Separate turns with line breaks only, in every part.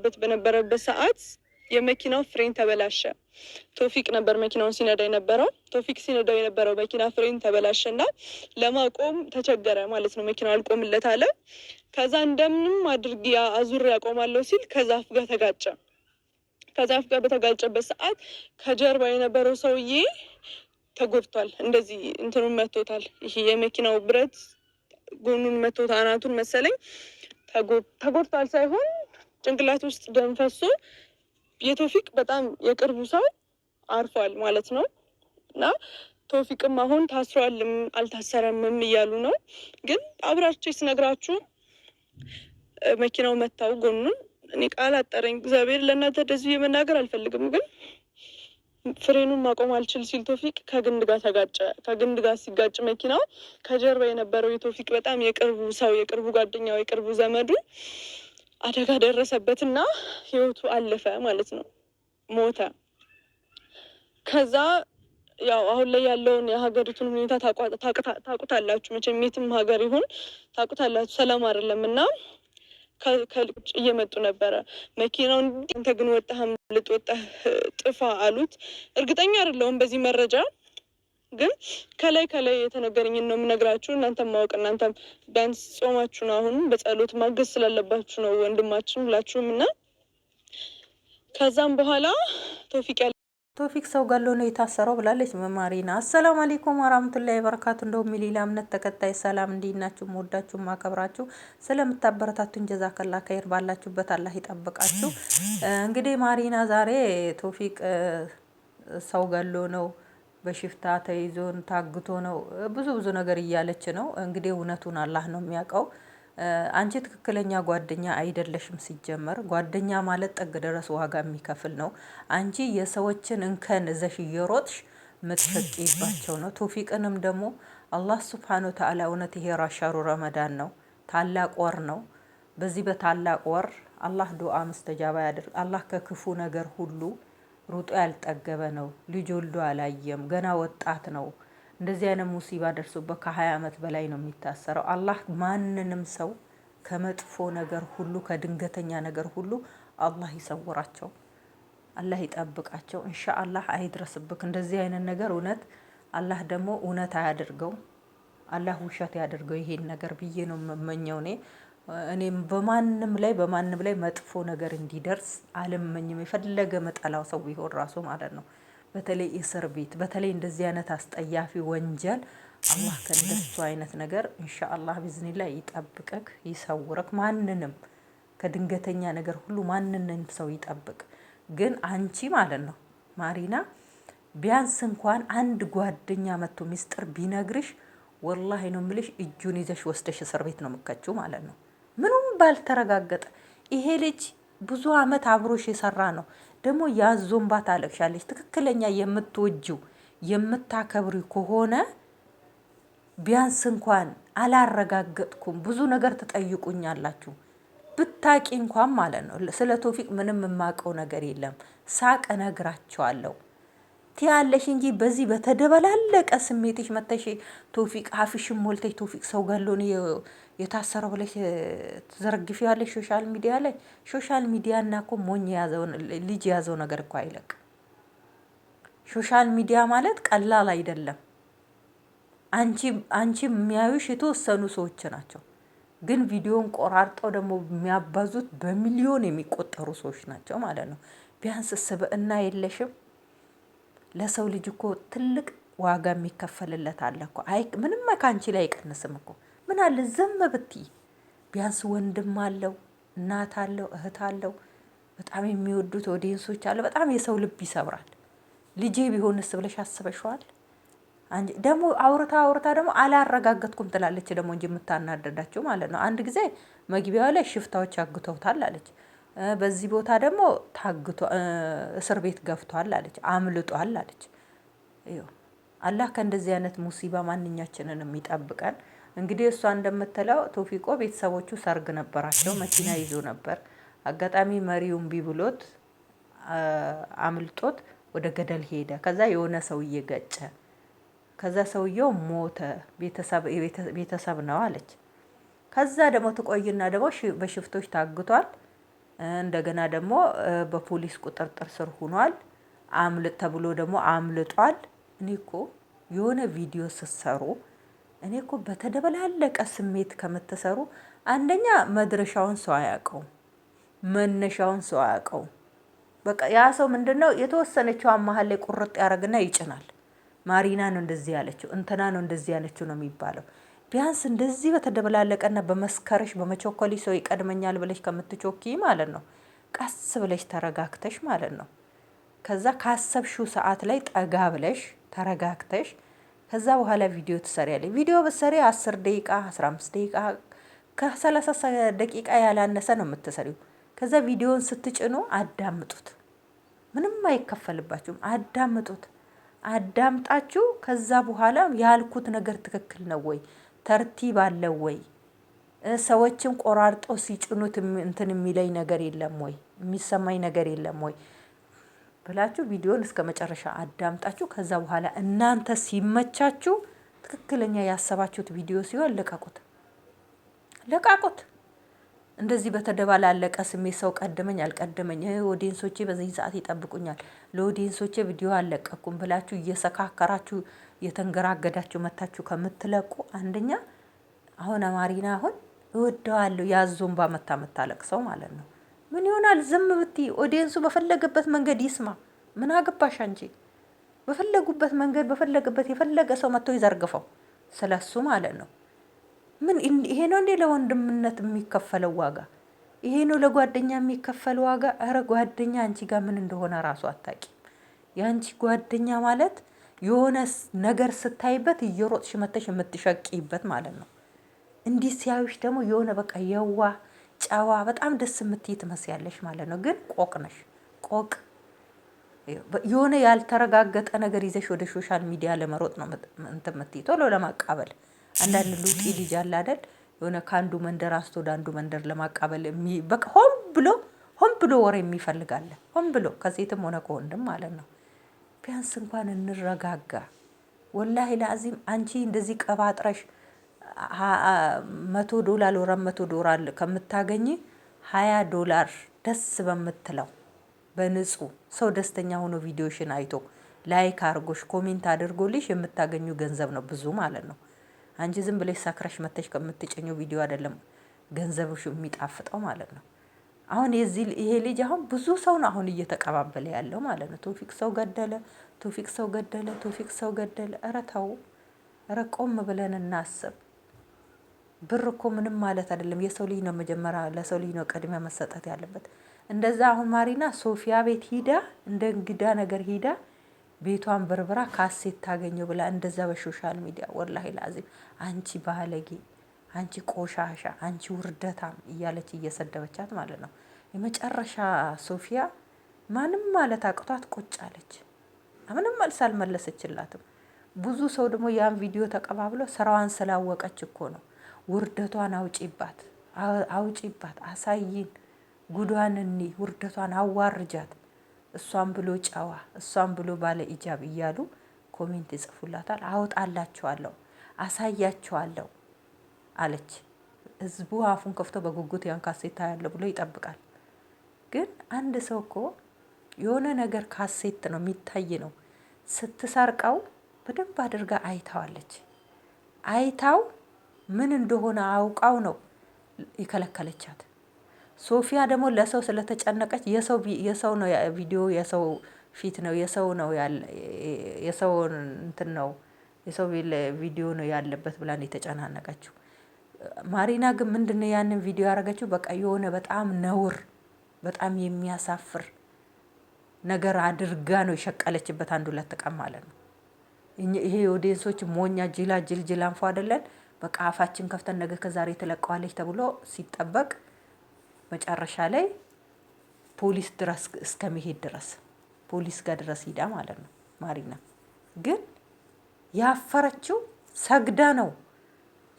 እየተንቀሳቀስኩበት በነበረበት ሰዓት የመኪናው ፍሬን ተበላሸ። ቶፊቅ ነበር መኪናውን ሲነዳ የነበረው። ቶፊቅ ሲነዳው የነበረው መኪና ፍሬን ተበላሸ እና ለማቆም ተቸገረ ማለት ነው። መኪናው አልቆምለት አለ። ከዛ እንደምንም አድርጌ አዙር ያቆማለሁ ሲል ከዛፍ ጋር ተጋጨ። ከዛፍ ጋር በተጋጨበት ሰዓት ከጀርባ የነበረው ሰውዬ ተጎድቷል። እንደዚህ እንትኑን መቶታል። ይሄ የመኪናው ብረት ጎኑን መቶት አናቱን መሰለኝ ተጎድቷል ሳይሆን ጭንቅላት ውስጥ ደም ፈሶ የቶፊቅ በጣም የቅርቡ ሰው አርፏል ማለት ነው እና ቶፊቅም አሁን ታስሯልም አልታሰረምም እያሉ ነው። ግን አብራቸው ስነግራችሁ መኪናው መታው ጎኑን እኔ ቃል አጠረኝ። እግዚአብሔር ለእናንተ እንደዚህ የመናገር አልፈልግም፣ ግን ፍሬኑን ማቆም አልችል ሲል ቶፊቅ ከግንድ ጋር ተጋጨ። ከግንድ ጋር ሲጋጭ መኪናው ከጀርባ የነበረው የቶፊቅ በጣም የቅርቡ ሰው የቅርቡ ጓደኛው የቅርቡ ዘመዱ አደጋ ደረሰበትና ህይወቱ አለፈ ማለት ነው፣ ሞተ። ከዛ ያው አሁን ላይ ያለውን የሀገሪቱን ሁኔታ ታቁታላችሁ። መቼም የትም ሀገር ይሁን ታቁታላችሁ፣ ሰላም አይደለም እና ከልጭ እየመጡ ነበረ። መኪናው። አንተ ግን ወጣህ፣ ልጥ ወጣህ፣ ጥፋ አሉት። እርግጠኛ አይደለሁም በዚህ መረጃ ግን ከላይ ከላይ የተነገረኝን ነው የምነግራችሁ። እናንተ ማወቅ እናንተ ቢያንስ ጾማችሁ ነው አሁን በጸሎት ማገዝ ስላለባችሁ ነው ወንድማችን ሁላችሁም እና ከዛም በኋላ ቶፊቅ ያለ
ቶፊክ ሰው ጋሎ ነው የታሰረው ብላለች መማሪና። አሰላሙ አሌይኩም ወራህመቱላሂ ወበረካቱ። እንደውም የሌላ እምነት ተከታይ ሰላም፣ እንዲናችሁ ናችሁ? መወዳችሁ ማከብራችሁ ስለምታበረታቱን ጀዛከላ ከይር ባላችሁበት አላህ ይጠብቃችሁ። እንግዲህ ማሪና ዛሬ ቶፊቅ ሰው ጋሎ ነው በሽፍታ ተይዞን ታግቶ ነው ብዙ ብዙ ነገር እያለች ነው። እንግዲህ እውነቱን አላህ ነው የሚያውቀው። አንቺ ትክክለኛ ጓደኛ አይደለሽም። ሲጀመር ጓደኛ ማለት ጠግ ድረስ ዋጋ የሚከፍል ነው። አንቺ የሰዎችን እንከን እዘሽ እየሮጥሽ ምትፈቂባቸው ነው። ቶፊቅንም ደግሞ አላህ ስብሓን ወተዓላ እውነት ይሄ ራሻሩ ረመዳን ነው፣ ታላቅ ወር ነው። በዚህ በታላቅ ወር አላህ ዱዓ ምስተጃባ ያድርግ አላህ ከክፉ ነገር ሁሉ ሩጦ ያልጠገበ ነው። ልጅ ወልዶ አላየም። ገና ወጣት ነው። እንደዚህ አይነት ሙሲባ ደርሶበት ከሀያ ዓመት በላይ ነው የሚታሰረው። አላህ ማንንም ሰው ከመጥፎ ነገር ሁሉ ከድንገተኛ ነገር ሁሉ አላህ ይሰውራቸው፣ አላህ ይጠብቃቸው። እንሻ አላህ አይድረስብክ እንደዚህ አይነት ነገር እውነት አላህ ደግሞ እውነት አያደርገው፣ አላህ ውሸት ያደርገው ይሄን ነገር ብዬ ነው የምመኘው እኔ። እኔም በማንም ላይ በማንም ላይ መጥፎ ነገር እንዲደርስ አልመኝም። የፈለገ መጠላው ሰው ይሆን ራሱ ማለት ነው። በተለይ እስር ቤት በተለይ እንደዚህ አይነት አስጠያፊ ወንጀል አላህ ከእንደሱ አይነት ነገር ኢንሻአላህ ላይ ይጠብቀክ ይሰውረክ። ማንንም ከድንገተኛ ነገር ሁሉ ማንንም ሰው ይጠብቅ። ግን አንቺ ማለት ነው ማሪና ቢያንስ እንኳን አንድ ጓደኛ መጥቶ ሚስጥር ቢነግርሽ ወላሂ ነው ምልሽ እጁን ይዘሽ ወስደሽ እስር ቤት ነው የምከችው ማለት ነው። ባልተረጋገጠ ይሄ ልጅ ብዙ አመት አብሮሽ የሰራ ነው። ደግሞ ያዞንባ ታለቅሻለች። ትክክለኛ የምትወጂው የምታከብሪ ከሆነ ቢያንስ እንኳን አላረጋገጥኩም ብዙ ነገር ትጠይቁኛላችሁ ብታቂ እንኳን ማለት ነው። ስለ ቶፊቅ ምንም የማውቀው ነገር የለም ሳቅ እነግራቸዋለሁ። ትያለሽ እንጂ በዚህ በተደበላለቀ ስሜትሽ መተሽ ቶፊቅ ሀፍሽን ሞልተሽ ቶፊቅ ሰው ገሎን የታሰረው ብለሽ ያለሽ ሶሻል ሚዲያ ላይ ሶሻል ሚዲያ እና እኮ ሞኝ የያዘውን ልጅ የያዘው ነገር እኮ አይለቅ። ሶሻል ሚዲያ ማለት ቀላል አይደለም። አንቺ አንቺ የሚያዩሽ የተወሰኑ ሰዎች ናቸው፣ ግን ቪዲዮን ቆራርጠው ደግሞ የሚያባዙት በሚሊዮን የሚቆጠሩ ሰዎች ናቸው ማለት ነው። ቢያንስ ስብዕና የለሽም። ለሰው ልጅ እኮ ትልቅ ዋጋ የሚከፈልለት አለ እኮ። አይ ምንም ከአንቺ ላይ አይቀንስም እኮ። ምን አለ ዝም ብትይ፣ ቢያንስ ወንድም አለው፣ እናት አለው፣ እህት አለው፣ በጣም የሚወዱት ኦዲየንሶች አለ። በጣም የሰው ልብ ይሰብራል። ልጄ ቢሆንስ ብለሽ አስበሸዋል። ደግሞ አውርታ አውርታ ደግሞ አላረጋገጥኩም ትላለች ደግሞ እንጂ የምታናደዳቸው ማለት ነው። አንድ ጊዜ መግቢያዋ ላይ ሽፍታዎች አግተውታል አለች። በዚህ ቦታ ደግሞ ታግቶ እስር ቤት ገብቷል አለች አምልጧል አለች። አላህ ከእንደዚህ አይነት ሙሲባ ማንኛችንንም ይጠብቀን። እንግዲህ እሷ እንደምትለው ቶፊቆ ቤተሰቦቹ ሰርግ ነበራቸው መኪና ይዞ ነበር። አጋጣሚ መሪውን ቢብሎት ብሎት አምልጦት ወደ ገደል ሄደ። ከዛ የሆነ ሰውዬ ገጨ። ከዛ ሰውየው ሞተ። ቤተሰብ ነው አለች። ከዛ ደግሞ ትቆይና ደግሞ በሽፍቶች ታግቷል እንደገና ደግሞ በፖሊስ ቁጥጥር ስር ሆኗል። አምልጥ ተብሎ ደግሞ አምልጧል። እኔ እኮ የሆነ ቪዲዮ ስትሰሩ እኔ እኮ በተደበላለቀ ስሜት ከምትሰሩ አንደኛ መድረሻውን ሰው አያውቀውም። መነሻውን ሰው አያውቀውም። በቃ ያ ሰው ምንድነው የተወሰነችዋን መሃል ላይ ቁርጥ ያደርግና ይጭናል። ማሪና ነው እንደዚህ ያለችው እንትና ነው እንደዚህ ያለችው ነው የሚባለው ቢያንስ እንደዚህ በተደበላለቀና በመስከረሽ በመቸኮሊ ሰው ይቀድመኛል ብለሽ ከምትቾኪ ማለት ነው፣ ቀስ ብለሽ ተረጋግተሽ ማለት ነው። ከዛ ካሰብሽው ሰዓት ላይ ጠጋ ብለሽ ተረጋግተሽ ከዛ በኋላ ቪዲዮ ትሰሪያለሽ። ቪዲዮ በሰሪ 10 ደቂቃ 15 ደቂቃ ከ30 ደቂቃ ያላነሰ ነው የምትሰሪው። ከዛ ቪዲዮን ስትጭኑ አዳምጡት። ምንም አይከፈልባችሁም። አዳምጡት። አዳምጣችሁ ከዛ በኋላ ያልኩት ነገር ትክክል ነው ወይ ተርቲብ አለው ወይ? ሰዎችን ቆራርጠው ሲጭኑት እንትን የሚለኝ ነገር የለም ወይ? የሚሰማኝ ነገር የለም ወይ? ብላችሁ ቪዲዮን እስከ መጨረሻ አዳምጣችሁ ከዛ በኋላ እናንተ ሲመቻችሁ ትክክለኛ ያሰባችሁት ቪዲዮ ሲሆን ልቀቁት፣ ልቀቁት። እንደዚህ በተደባላለቀ ስሜት ሰው ቀደመኝ አልቀደመኝ፣ ኦዲየንሶቼ በዚህ ሰዓት ይጠብቁኛል፣ ለኦዲየንሶቼ ቪዲዮ አልለቀኩም ብላችሁ እየሰካከራችሁ የተንገራገዳችሁ መታችሁ ከምትለቁ አንደኛ አሁን አማሪና አሁን እወደዋለሁ ባመታ መታለቅ ሰው ማለት ነው። ምን ይሆናል ዝም ብትይ? ኦዲየንሱ በፈለገበት መንገድ ይስማ። ምን አገባሽ አንቺ? በፈለጉበት መንገድ በፈለገበት የፈለገ ሰው መጥቶ ይዘርግፈው ስለሱ ማለት ነው። ምን ይሄ ነው እንዴ ለወንድምነት የሚከፈለው ዋጋ? ይሄ ነው ለጓደኛ የሚከፈል ዋጋ? እረ ጓደኛ አንቺ ጋር ምን እንደሆነ ራሱ አታቂ። የአንቺ ጓደኛ ማለት የሆነ ነገር ስታይበት እየሮጥሽ መተሽ የምትሸቂበት ማለት ነው። እንዲህ ሲያዩሽ ደግሞ የሆነ በቃ የዋ ጨዋ በጣም ደስ የምትይ ትመስያለሽ ማለት ነው። ግን ቆቅ ነሽ ቆቅ የሆነ ያልተረጋገጠ ነገር ይዘሽ ወደ ሶሻል ሚዲያ ለመሮጥ ነው እንትን የምትይ ቶሎ ለማቃበል። አንዳንድ ሉጢ ልጅ አለ አይደል? የሆነ ከአንዱ መንደር አንስቶ ወደ አንዱ መንደር ለማቃበል በቃ ሆን ብሎ ሆን ብሎ ወሬ የሚፈልጋለን ሆን ብሎ ከሴትም ሆነ ከወንድም ማለት ነው። ቢያንስ እንኳን እንረጋጋ። ወላሂ ለአዚም አንቺ እንደዚህ ቀባጥረሽ መቶ ዶላር ወራት መቶ ዶላር ከምታገኝ ሀያ ዶላር ደስ በምትለው በንጹህ ሰው ደስተኛ ሆኖ ቪዲዮሽን አይቶ ላይክ አድርጎሽ ኮሜንት አድርጎልሽ የምታገኙ ገንዘብ ነው ብዙ ማለት ነው። አንቺ ዝም ብለሽ ሰክረሽ መተሽ ከምትጨኘው ቪዲዮ አይደለም ገንዘብሽ የሚጣፍጠው ማለት ነው። አሁን የዚህ ይሄ ልጅ አሁን ብዙ ሰው ነው አሁን እየተቀባበለ ያለው ማለት ነው። ቶፊቅ ሰው ገደለ፣ ቶፊቅ ሰው ገደለ፣ ቶፊቅ ሰው ገደለ። እረ ተው፣ እረ ቆም ብለን እናስብ። ብር እኮ ምንም ማለት አይደለም። የሰው ልጅ ነው መጀመሪያ፣ ለሰው ልጅ ነው ቅድሚያ መሰጠት ያለበት። እንደዛ አሁን ማሪና ሶፊያ ቤት ሂዳ እንደ እንግዳ ነገር ሂዳ ቤቷን ብርብራ ካሴት ታገኘው ብላ እንደዛ በሶሻል ሚዲያ ወላሂ ላዚም አንቺ ባለጌ አንቺ ቆሻሻ፣ አንቺ ውርደታም እያለች እየሰደበቻት ማለት ነው። የመጨረሻ ሶፊያ ማንም ማለት አቅቷት ቁጭ አለች። ምንም መልስ አልመለሰችላትም። ብዙ ሰው ደግሞ ያን ቪዲዮ ተቀባብሎ ስራዋን ስላወቀች እኮ ነው። ውርደቷን አውጪባት፣ አውጪባት፣ አሳይን፣ ጉዷን እኒ ውርደቷን አዋርጃት። እሷን ብሎ ጨዋ፣ እሷን ብሎ ባለ ኢጃብ እያሉ ኮሜንት ይጽፉላታል። አውጣላችኋለሁ፣ አሳያችኋለሁ አለች። ህዝቡ አፉን ከፍቶ በጉጉት ያን ካሴት ታያለ ብሎ ይጠብቃል። ግን አንድ ሰው እኮ የሆነ ነገር ካሴት ነው የሚታይ ነው ስትሰርቀው በደንብ አድርጋ አይታዋለች። አይታው ምን እንደሆነ አውቃው ነው የከለከለቻት። ሶፊያ ደግሞ ለሰው ስለተጨነቀች የሰው ነው ቪዲዮ የሰው ፊት ነው የሰው ነው የሰው እንትን ነው የሰው ቪዲዮ ነው ያለበት ብላ የተጨናነቀችው። ማሪና ግን ምንድነው ያንን ቪዲዮ ያደረገችው? በቃ የሆነ በጣም ነውር በጣም የሚያሳፍር ነገር አድርጋ ነው የሸቀለችበት። አንድ ሁለት ቀን ማለት ነው። ይሄ ኦዲየንሶች ሞኛ ጅላ ጅል ጅል አንፎ አይደለን። በቃ አፋችን ከፍተን ነገ ከዛሬ ትለቀዋለች ተብሎ ሲጠበቅ መጨረሻ ላይ ፖሊስ ድረስ እስከመሄድ ድረስ ፖሊስ ጋር ድረስ ሂዳ ማለት ነው። ማሪና ግን ያፈረችው ሰግዳ ነው።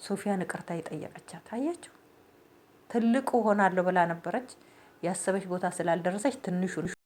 ሶፊያን እቅርታ የጠየቀቻት አያችሁ። ትልቁ ሆናለሁ ብላ ነበረች ያሰበች ቦታ ስላልደረሰች ትንሹ